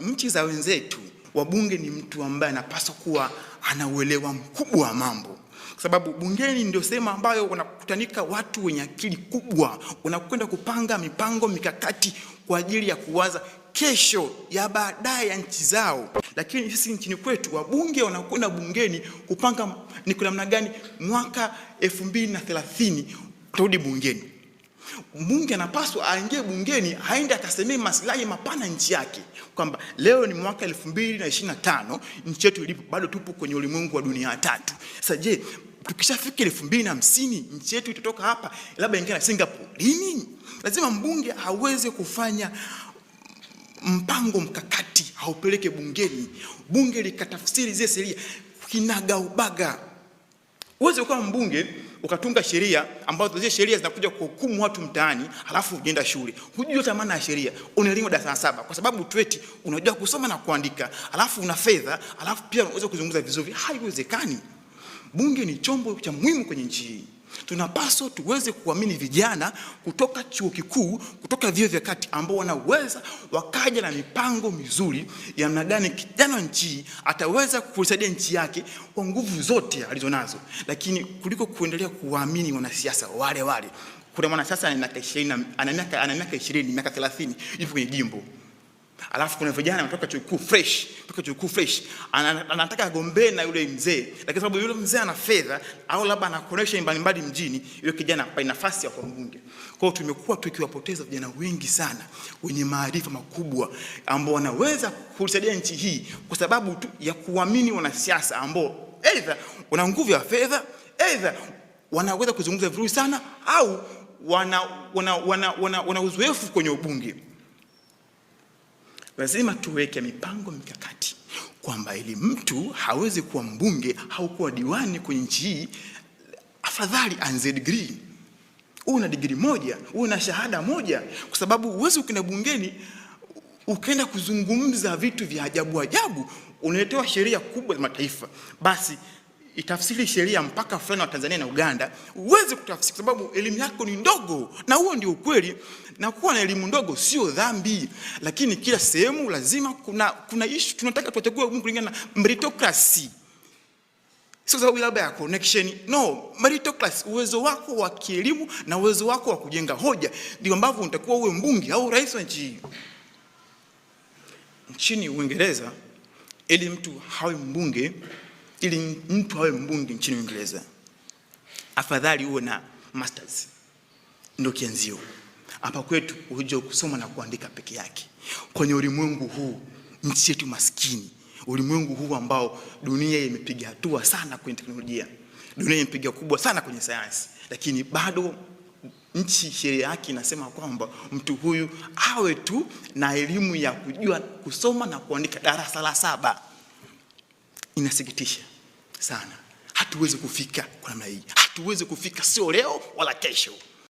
nchi za wenzetu, wabunge ni mtu ambaye anapaswa kuwa ana uelewa mkubwa wa mambo kwa sababu bungeni ndio sehemu ambayo wanakutanika watu wenye akili kubwa, wanakwenda kupanga mipango mikakati kwa ajili ya kuwaza kesho ya baadaye ya nchi zao. Lakini sisi nchini kwetu wabunge wanakwenda bungeni kupanga ni kwa namna gani mwaka elfu mbili na thelathini utarudi bungeni. Mbunge anapaswa aingie bungeni, aende akasemee maslahi mapana nchi yake, kwamba leo ni mwaka elfu mbili na nchi yetu ilipo, bado tupo kwenye ulimwengu wa dunia tatu. Sasa je, tukishafika elfu mbili na hamsini nchi yetu itatoka hapa labda ingia na Singapore lini? Lazima mbunge aweze kufanya mpango mkakati, haupeleke bungeni, bunge likatafsiri zile sheria kinagaubaga Uweze ukawa mbunge ukatunga sheria ambazo zile sheria zinakuja kuhukumu watu mtaani, halafu ujenda shule hujui hata maana ya sheria, unaelimu darasa saba kwa sababu tweti unajua kusoma na kuandika, halafu una fedha, halafu pia unaweza kuzungumza vizuri. Haiwezekani. Bunge ni chombo cha muhimu kwenye nchi hii. Tunapaswa tuweze kuamini vijana kutoka chuo kikuu, kutoka vyuo vya kati ambao wanaweza wakaja na mipango mizuri ya namna gani kijana nchi ataweza kusaidia nchi yake kwa nguvu zote alizonazo, lakini kuliko kuendelea kuwaamini wanasiasa wale wale. Kuna mwanasiasa ana miaka 20 ana miaka 30 hivi kwenye jimbo Alafu kuna vijana ametoka chuo kikuu fresh, kutoka chuo kikuu fresh, anataka agombee na yule mzee, lakini sababu yule mzee ana fedha au labda ana connection mbalimbali mjini, yule kijana hapa nafasi ya kuwa mbunge. Kwa hiyo tumekuwa tukiwapoteza vijana wengi sana wenye maarifa makubwa ambao wanaweza kusaidia nchi hii kwa sababu tu ya kuamini wanasiasa ambao either wana nguvu ya fedha, either wanaweza kuzungumza vizuri sana au wana wana, wana, wana, wana uzoefu kwenye ubunge lazima tuweke mipango mikakati kwamba ili mtu hawezi kuwa mbunge au kuwa diwani kwenye nchi hii, afadhali anze degree, uwe na degree moja, uwe na shahada moja, kwa sababu uwezi ukenda bungeni ukaenda kuzungumza vitu vya ajabu ajabu, unaletewa sheria kubwa za mataifa. Basi itafsiri sheria mpaka fulani wa Tanzania na Uganda, uweze kutafsiri kwa sababu elimu yako ni ndogo, na huo ndio ukweli. Na kuwa na elimu ndogo sio dhambi, lakini kila sehemu lazima kuna, kuna ishu. Tunataka tuchague kulingana na meritocracy, sio sababu labda ya connection. No, meritocracy, uwezo wako wa kielimu na uwezo wako wa kujenga hoja ndio ambavyo utakuwa uwe mbunge au rais wa nchi Nchini Uingereza ili mtu hawe mbunge ili mtu awe mbunge nchini Uingereza, afadhali uwe na masters, ndio kianzio. Hapa kwetu uje kusoma na kuandika peke yake, kwenye ulimwengu huu, nchi yetu maskini, ulimwengu huu ambao dunia imepiga hatua sana kwenye teknolojia, dunia imepiga kubwa sana kwenye sayansi, lakini bado nchi sheria yake inasema kwamba mtu huyu awe tu na elimu ya kujua kusoma na kuandika darasa la saba. Inasikitisha sana, hatuwezi kufika kwa namna hii, hatuwezi kufika, sio leo wala kesho.